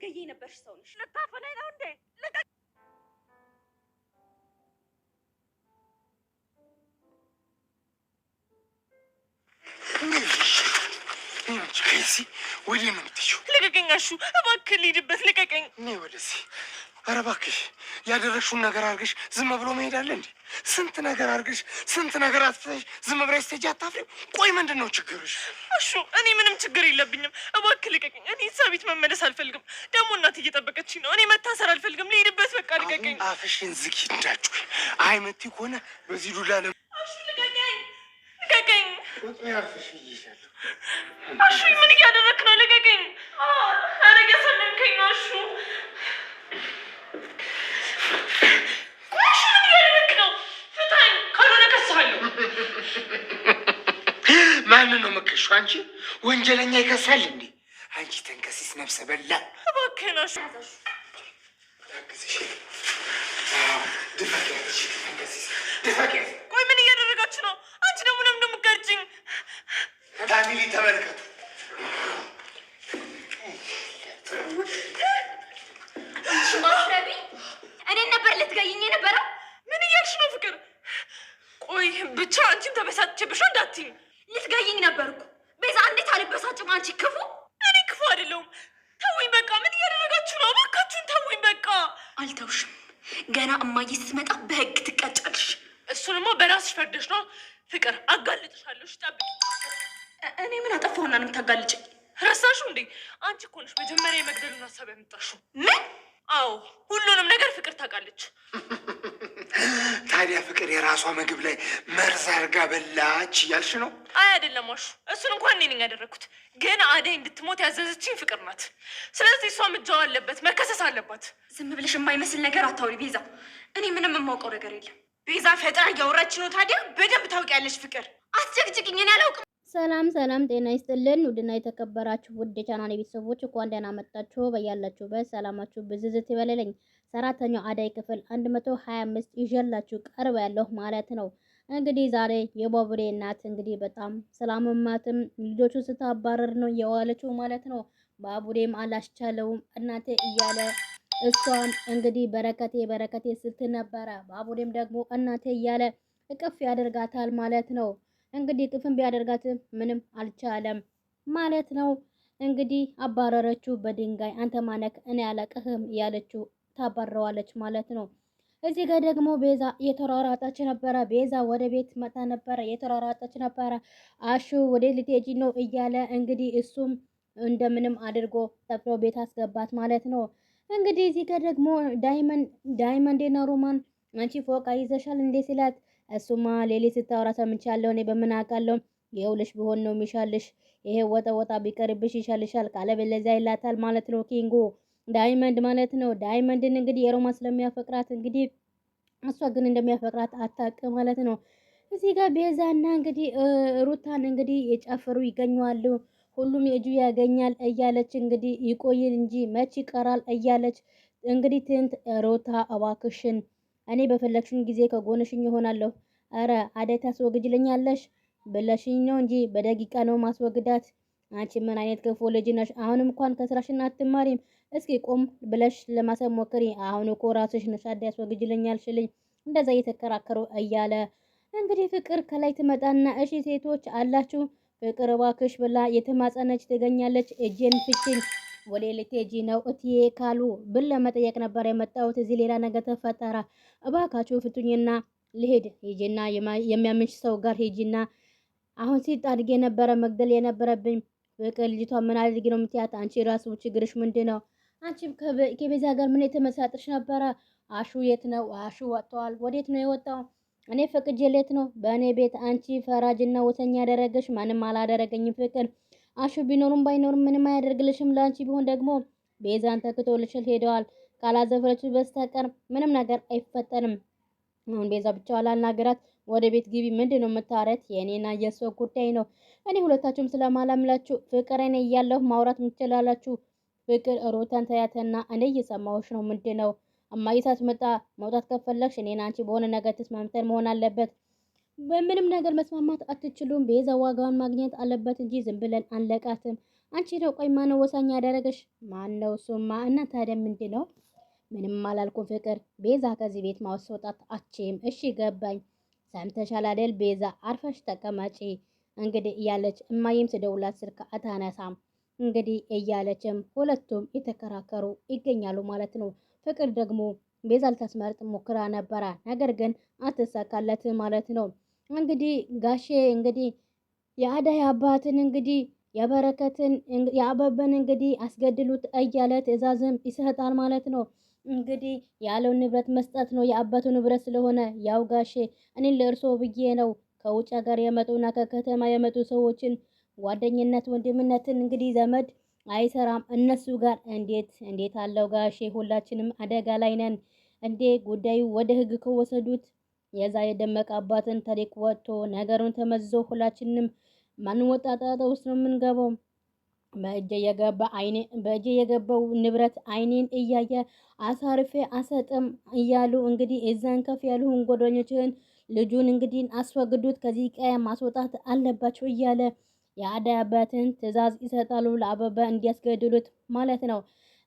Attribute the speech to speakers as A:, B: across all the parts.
A: ስትገይ የነበርሽ ሰው ነሽ። ልታፈናኝ ነው እንዴ? ወዴት ነው የምትሄጂው?
B: ልቀቀኝ! እባክህ ልሂድበት፣ ልቀቀኝ!
A: እኔ ወደዚህ ኧረ እባክሽ ያደረግሽውን ነገር አድርግሽ ዝም ብሎ መሄዳለ እንዴ? ስንት ነገር አድርግሽ ስንት ነገር አትፈሽ ዝም ብለሽ ስትሄጂ አታፍሪም? ቆይ ምንድን ነው ችግርሽ?
B: እሹ እኔ ምንም ችግር የለብኝም። እባክህ ልቀቅኝ። እኔ እዛ ቤት መመለስ አልፈልግም። ደግሞ እናት እየጠበቀች ነው። እኔ መታሰር አልፈልግም። ልሄድበት። በቃ ልቀቅኝ።
A: አፍሽን ዝጊ እንዳችሁ። አይመት ከሆነ በዚህ ዱላ ለ
B: ልቀቀኝ፣ ልቀቀኝ። እሹ ምን እያደረግክ ነው? ልቀቀኝ። አረገሰለምከኝ ነው እሹ
A: ማንን ነው መከሹ? አንቺ ወንጀለኛ ይከሳል እንዴ? አንቺ ተንከሲስ ነፍሰ በላ
B: ባከናሽ ቆይ ምን እያደረጋችሁ ነው? አንቺ ደግሞ ለምን እንደምትገርጂኝ?
A: ፋሚሊ ተመልከቱ።
B: አለበሳችብሽ እንዳትይኝ።
C: ልትገይኝ ነበርኩ ቤዛ። እንዴት አለበሳጭም? አንቺ ክፉ።
B: እኔ ክፉ አይደለሁም። ተውኝ በቃ። ምን እያደረጋችሁ ነው? እባካችሁን ተውኝ በቃ።
C: አልተውሽም። ገና እማዬ ስትመጣ በህግ ትቀጫለሽ።
B: እሱንማ በራስሽ ፈርደሽ ነው ፍቅር። አጋልጥሻለሁ። ጠብቂ።
C: እኔ ምን አጠፋሁና ነው የምታጋልጭኝ?
B: ረሳሽው እንዴ? አንቺ እኮ ነሽ መጀመሪያ የመግደሉን ሀሳብ ያመጣሽው። ምን? አዎ ሁሉንም ነገር ፍቅር ታውቃለች።
A: ታዲያ ፍቅር የራሷ ምግብ ላይ መርዝ አድርጋ በላች እያልሽ ነው?
B: አይ አይደለም ዋሹ፣ እሱን እንኳን እኔ ነኝ ያደረግኩት። ግን አደይ እንድትሞት ያዘዘችኝ ፍቅር ናት። ስለዚህ እሷም እጃዋ አለበት፣ መከሰስ አለባት።
C: ዝም ብለሽ የማይመስል ነገር አታውሪ ቤዛ። እኔ ምንም የማውቀው ነገር የለም።
B: ቤዛ ፈጥራ እያወራች ነው። ታዲያ በደንብ ታውቂያለሽ። ፍቅር አስጨቅጭቅኝ፣ እኔ አላውቅም።
D: ሰላም ሰላም፣ ጤና ይስጥልን ውድና የተከበራችሁ ውድ የቻናል ቤተሰቦች እንኳን ደህና መጣችሁ። በያላችሁበት ሰላማችሁ ብዝዝት ይበለለኝ። ሰራተኛው አዳይ ክፍል 125 ይዤላችሁ ቀርብ ያለሁ ማለት ነው። እንግዲህ ዛሬ የባቡሬ እናት እንግዲህ በጣም ስላመማትም ልጆቹ ስታባረር ነው የዋለችው ማለት ነው። ባቡሬም አላስቻለውም እናቴ እያለ እሷም እንግዲህ በረከቴ በረከቴ ስትል ነበረ። ባቡሬም ደግሞ እናቴ እያለ እቅፍ ያደርጋታል ማለት ነው። እንግዲህ ቅፍን ቢያደርጋት ምንም አልቻለም ማለት ነው። እንግዲህ አባረረችው በድንጋይ አንተ ማነክ እኔ ያለቅህም እያለችው ታባረዋለች ማለት ነው። እዚህ ጋር ደግሞ ቤዛ የተሯሯጠች ነበረ። ቤዛ ወደ ቤት መጣ ነበረ፣ የተሯሯጠች ነበረ። አሹ ወደ ልትሄጂ ነው እያለ እንግዲህ እሱም እንደምንም አድርጎ ጠፍሮ ቤት አስገባት ማለት ነው። እንግዲህ እዚህ ጋር ደግሞ ዳይመንድ ዳይመንድ እና ሮማን አንቺ ፎቅ ይዘሻል እንዴ ሲላት እሱማ ሌሊት ስታወራ ሰምቻለሁ። እኔ በምን አውቃለሁ? ይኸውልሽ ብሆን ነው የሚሻልሽ። ይሄ ወጣ ወጣ ቢቀርብሽ ይሻልሻል። ካለበለዚያ ይላታል ማለት ነው ኪንጎ ዳይመንድ ማለት ነው። ዳይመንድን እንግዲህ የሮማ ስለሚያፈቅራት እንግዲህ እሷ ግን እንደሚያፈቅራት አታውቅም ማለት ነው። እዚህ ጋር ቤዛና እንግዲህ ሩታን እንግዲህ የጨፈሩ ይገኛሉ። ሁሉም የእጁ ያገኛል እያለች እንግዲህ ይቆይን እንጂ መች ይቀራል እያለች እንግዲህ ትንት ሮታ እባክሽን እኔ በፈለግሽኝ ጊዜ ከጎንሽኝ ይሆናለሁ። አረ አደይ ታስወግጅልኛለሽ ብለሽኝ ነው እንጂ በደቂቃ ነው ማስወግዳት። አንቺ ምን አይነት ክፉ ልጅ ነሽ? አሁንም እንኳን ከስራሽና አትማሪም። እስኪ ቆም ብለሽ ለማሰብ ሞክሪ። አሁን እኮ ራስሽ ነሽ አደይ ያስወግጅልኛል ሽልኝ እንደዛ እየተከራከሩ እያለ እንግዲህ ፍቅር ከላይ ትመጣና እሺ ሴቶች አላችሁ ፍቅር እባክሽ ብላ የተማጸነች ትገኛለች። እጄን ፍችን ወደ ልትሄጂ ነው እትዬ ካሉ ብን ለመጠየቅ ነበር የመጣሁት። እዚህ ሌላ ነገር ተፈጠረ። እባካችሁ ፍቱኝና ልሄድ። ሂጂና የሚያምንሽ ሰው ጋር ሂጂና። አሁን ሲጣድግ አድጌ መግደል የነበረብኝ ፍቅር። ልጅቷ ምን አድርጊ ነው የምትያት? አንቺ ራሱ ችግርሽ ምንድን ነው? አንቺ ከቤዛ ጋር ምን የተመሳጥርሽ ነበረ? አሹ የት ነው? አሹ ወጥተዋል። ወዴት ነው የወጣው? እኔ ፈቅጄ ሌት ነው በእኔ ቤት። አንቺ ፈራጅና ወተኛ ያደረገሽ ማንም አላደረገኝም ፍቅር አሹ ቢኖርም ባይኖርም ምንም አያደርግልሽም። ለአንቺ ቢሆን ደግሞ ቤዛን ተክቶልሽል ሄደዋል። ካላዘፈረች በስተቀር ምንም ነገር አይፈጠንም። አሁን ቤዛ ብቻዋን ላናገራት ወደ ቤት ግቢ። ምንድን ነው የምታወሪያት? የእኔና የእሷ ጉዳይ ነው። እኔ ሁለታችሁም ስለማላምላችሁ ፍቅር እኔ እያለሁ ማውራት የምችላላችሁ። ፍቅር ሮታን ተያተና እኔ እየሰማሁሽ ነው። ምንድን ነው እማዬ ሳትመጣ መውጣት ከፈለግሽ እኔና አንቺ በሆነ ነገር ተስማምተን መሆን አለበት። በምንም ነገር መስማማት አትችሉም። ቤዛ ዋጋውን ማግኘት አለበት እንጂ ዝም ብለን አንለቃትም። አንቺ ነው ቆይ፣ ማነው ወሳኝ ያደረገሽ? ማነው እሱማ? እና ታዲያ ምንድን ነው? ምንም አላልኩም ፍቅር። ቤዛ ከዚህ ቤት ማስወጣት አችም። እሺ ገባኝ። ሰምተሻል አይደል? ቤዛ አርፈሽ ተቀመጪ እንግዲህ እያለች እማዬም ስደውላት ስልክ አታነሳም። እንግዲህ እያለችም ሁለቱም የተከራከሩ ይገኛሉ ማለት ነው። ፍቅር ደግሞ ቤዛ ልታስመርጥ ሞክራ ነበራ፣ ነገር ግን አትሳካለት ማለት ነው። እንግዲህ ጋሼ እንግዲህ የአዳይ አባትን እንግዲህ የበረከትን የአበበን እንግዲህ አስገድሉት እያለ ትዕዛዝም ይሰጣል ማለት ነው። እንግዲህ ያለውን ንብረት መስጠት ነው የአባቱ ንብረት ስለሆነ ያው ጋሼ እኔን ለእርሶ ብዬ ነው ከውጭ ሀገር የመጡና ከከተማ የመጡ ሰዎችን ጓደኝነት፣ ወንድምነትን እንግዲህ ዘመድ አይሰራም እነሱ ጋር እንዴት እንዴት አለው ጋሼ፣ ሁላችንም አደጋ ላይ ነን እንዴ ጉዳዩ ወደ ህግ ከወሰዱት የዛ የደመቀ አባትን ታሪክ ወጥቶ ነገሩን ተመዞ ሁላችንም ማንወጣጣጣ ውስጥ ነው የምንገባው። በእጄ የገባ አይኔ በእጄ የገባው ንብረት አይኔን እያየ አሳርፌ አሰጥም እያሉ እንግዲህ እዛን ከፍ ያሉን ጎደኞችን ልጁን እንግዲህ አስወግዱት ከዚህ ቀየ ማስወጣት አለባቸው እያለ የአደይ አባትን ትዕዛዝ ይሰጣሉ ለአበበ እንዲያስገድሉት ማለት ነው።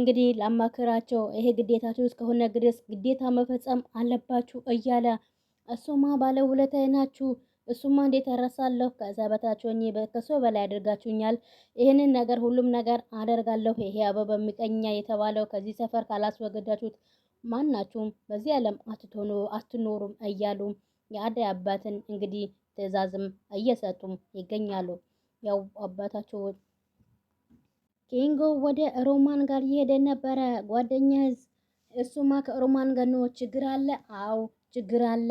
D: እንግዲህ ላማክራቸው ይሄ ግዴታችሁ እስከሆነ ድረስ ግዴታ መፈጸም አለባችሁ እያለ እሱማ ባለ ሁለታዬ ናችሁ። እሱማ እንዴት እረሳለሁ? ከዛ በታች ሆኜ በላይ አድርጋችሁኛል። ይህንን ነገር ሁሉም ነገር አደርጋለሁ። ይሄ አበበ ምቀኛ የተባለው ከዚህ ሰፈር ካላስወገዳችሁት ማናችሁም በዚህ ዓለም አትቶኑ አትኖሩም እያሉ የአደይ አባትን እንግዲህ ትዕዛዝም እየሰጡም ይገኛሉ። ያው አባታቸው ኪንጎ ወደ ሮማን ጋር እየሄደ ነበረ ጓደኛህ እሱማ ከሮማን ጋር ነው ችግር አለ? አዎ ችግር አለ።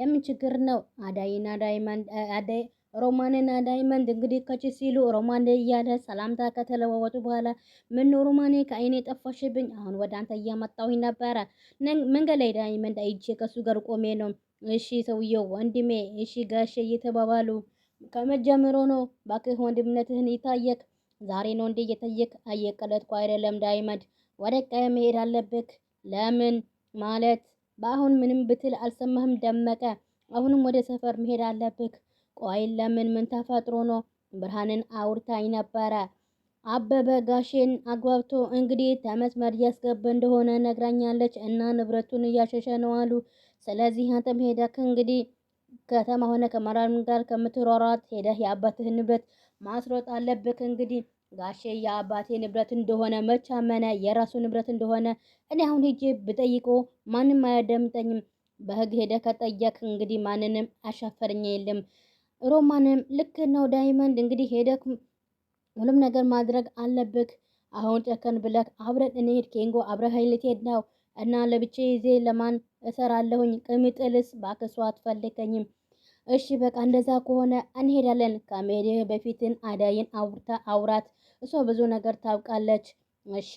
D: የምን ችግር ነው? አዳይና ዳይመንድ አዳይ ሮማንና ዳይመንድ እንግዲህ ከች ሲሉ ሮማን እያለ ሰላምታ ከተለዋወጡ በኋላ ምን ነው ሮማኔ ከአይኔ ጠፋሽብኝ፣ አሁን ወደ አንተ እያመጣሁኝ ነበረ። መንገድ ላይ ዳይመንድ አይቼ ከሱ ጋር ቆሜ ነው። እሺ ሰውየው ወንድሜ፣ እሺ ጋሼ እየተባባሉ ከመጀመሮ ነው። እባክህ ወንድምነትህን ይታየክ። ዛሬ ነው እንዴ እየታየክ? አየቀለጥኩ አይደለም ዳይመንድ፣ ወደ ቀየ መሄድ አለብክ። ለምን ማለት በአሁን ምንም ብትል አልሰማህም ደመቀ። አሁንም ወደ ሰፈር መሄድ አለብህ። ቆይ ለምን? ምን ተፈጥሮ ነው? ብርሃንን አውርታኝ ነበረ። አበበ ጋሼን አግባብቶ እንግዲህ ተመስመር እያስገባ እንደሆነ ነግራኛለች እና ንብረቱን እያሸሸ ነው አሉ። ስለዚህ አንተም ሄደክ እንግዲህ ከተማ ሆነ ከመራም ጋር ከምትሯሯት ሄደህ የአባትህን ንብረት ማስሮጥ አለብክ እንግዲህ ጋሼ የአባቴ ንብረት እንደሆነ መች አመነ? የራሱ ንብረት እንደሆነ እኔ አሁን ሄጄ ብጠይቆ ማንም አያደምጠኝም። በህግ ሄደ ከጠየቅ እንግዲህ ማንንም አሻፈርኝ የለም። ሮማንም ልክ ነው ዳይመንድ፣ እንግዲህ ሄደክ ሁሉም ነገር ማድረግ አለብክ። አሁን ጨከን ብለክ አብረን እንሄድ ኬንጎ፣ አብረ ሀይል ነው እና ለብቼ ይዜ ለማን እሰራለሁኝ? ቅሚጥልስ ባክሷ አትፈልገኝም እሺ በቃ እንደዛ ከሆነ እንሄዳለን። ከመሄድ በፊትን አዳይን አውርታ አውራት፣ እሷ ብዙ ነገር ታውቃለች። እሺ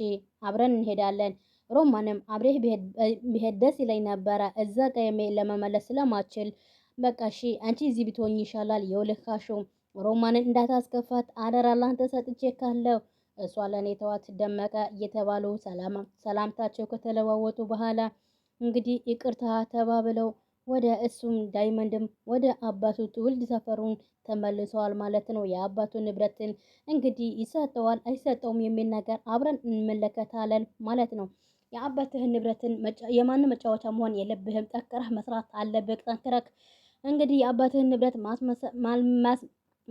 D: አብረን እንሄዳለን። ሮማንም አብሬህ ብሄድ ደስ ይለኝ ነበረ፣ እዛ ቀየሜ ለመመለስ ስለማችል በቃ እሺ አንቺ እዚህ ብትሆኝ ይሻላል። የውልካሹ ሮማንን እንዳታስከፋት አደራ፣ ላንተ ሰጥቼ ካለው እሷ ለእኔ ተዋት ደመቀ እየተባሉ ሰላምታቸው ከተለዋወጡ በኋላ እንግዲህ ይቅርታ ተባብለው ወደ እሱም ዳይመንድም ወደ አባቱ ትውልድ ሰፈሩን ተመልሰዋል ማለት ነው። የአባቱ ንብረትን እንግዲህ ይሰጠዋል አይሰጠውም የሚል ነገር አብረን እንመለከታለን ማለት ነው። የአባትህን ንብረትን የማንም መጫወቻ መሆን የለብህም። ጠንክረህ መስራት አለብህ። ጠንክረህ እንግዲህ የአባትህን ንብረት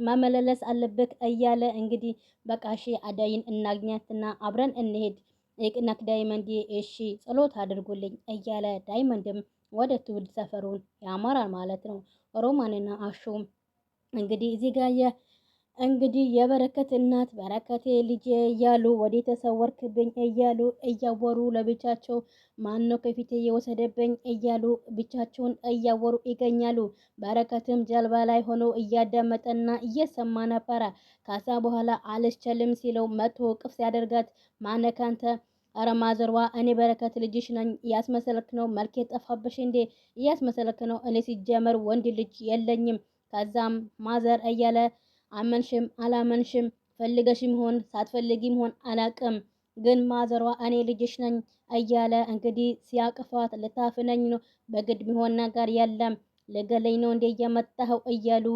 D: ማመለለስ አለብህ እያለ እንግዲህ በቃ አዳይን እናግኛትና አብረን እንሄድ ይቅናክ ዳይመንድ እሺ ጸሎት አድርጉልኝ እያለ ዳይመንድም ወደ ትውልድ ሰፈሩን ያመራል ማለት ነው። ሮማንና አሹም እንግዲህ እዚህ ጋር እንግዲህ የበረከት እናት በረከቴ ልጄ እያሉ ወዴት ተሰወርክብኝ እያሉ እያወሩ ለብቻቸው ማን ነው ከፊቴ የወሰደብኝ እያሉ ብቻቸውን እያወሩ ይገኛሉ። በረከትም ጀልባ ላይ ሆኖ እያዳመጠና እየሰማ ነበረ። ከዛ በኋላ አልችልም ሲለው መቶ ቅፍ ሲያደርጋት ማነካንተ ኧረ ማዘርዋ እኔ በረከት ልጅሽ ነኝ። እያስመሰለክ ነው፣ መልክ የጠፋብሽ እንዴ? እያስመሰለክ ነው። እኔ ሲጀመር ወንድ ልጅ የለኝም። ከዛም ማዘር እያለ አመንሽም አላመንሽም ፈልገሽም ሆን ሳትፈልጊም ሆን አላቅም ግን ማዘሯ እኔ ልጅሽ ነኝ እያለ እንግዲህ ሲያቅፋት ልታፍነኝ ነው፣ በግድ ሚሆን ነገር የለም ልገለኝ ነው እንዴ እየመጣኸው እያሉ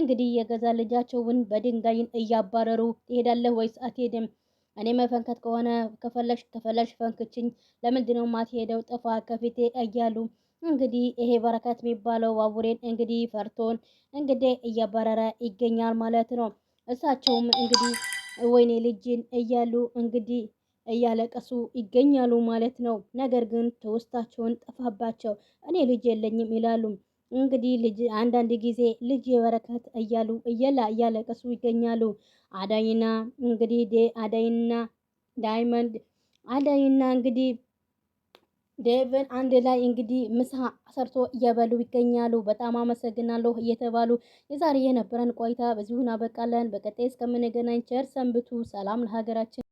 D: እንግዲህ የገዛ ልጃቸውን በድንጋይን እያባረሩ ትሄዳለህ ወይስ አትሄድም? እኔ መፈንከት ከሆነ ከፈለሽ ከፈለሽ ፈንክችኝ። ለምንድነው የማትሄደው? ጥፋ ከፊቴ እያሉ እንግዲህ ይሄ በረከት የሚባለው ባቡሬን እንግዲህ ፈርቶን እንግዲህ እያባረረ ይገኛል ማለት ነው። እሳቸውም እንግዲህ ወይኔ ልጅን እያሉ እንግዲህ እያለቀሱ ይገኛሉ ማለት ነው። ነገር ግን ትውስታቸውን ጠፋባቸው። እኔ ልጅ የለኝም ይላሉ። እንግዲህ ልጅ አንዳንድ ጊዜ ልጅ የበረከት እያሉ እየላ እያለቀሱ ይገኛሉ። አዳይና እንግዲህ አዳይና ዳይመንድ አዳይና እንግዲህ ዴቭን አንድ ላይ እንግዲህ ምሳ ሰርቶ እየበሉ ይገኛሉ። በጣም አመሰግናለሁ እየተባሉ የዛሬ የነበረን ቆይታ በዚሁ እናበቃለን። በቀጣይ እስከምንገናኝ ቸር ሰንብቱ። ሰላም ለሀገራችን።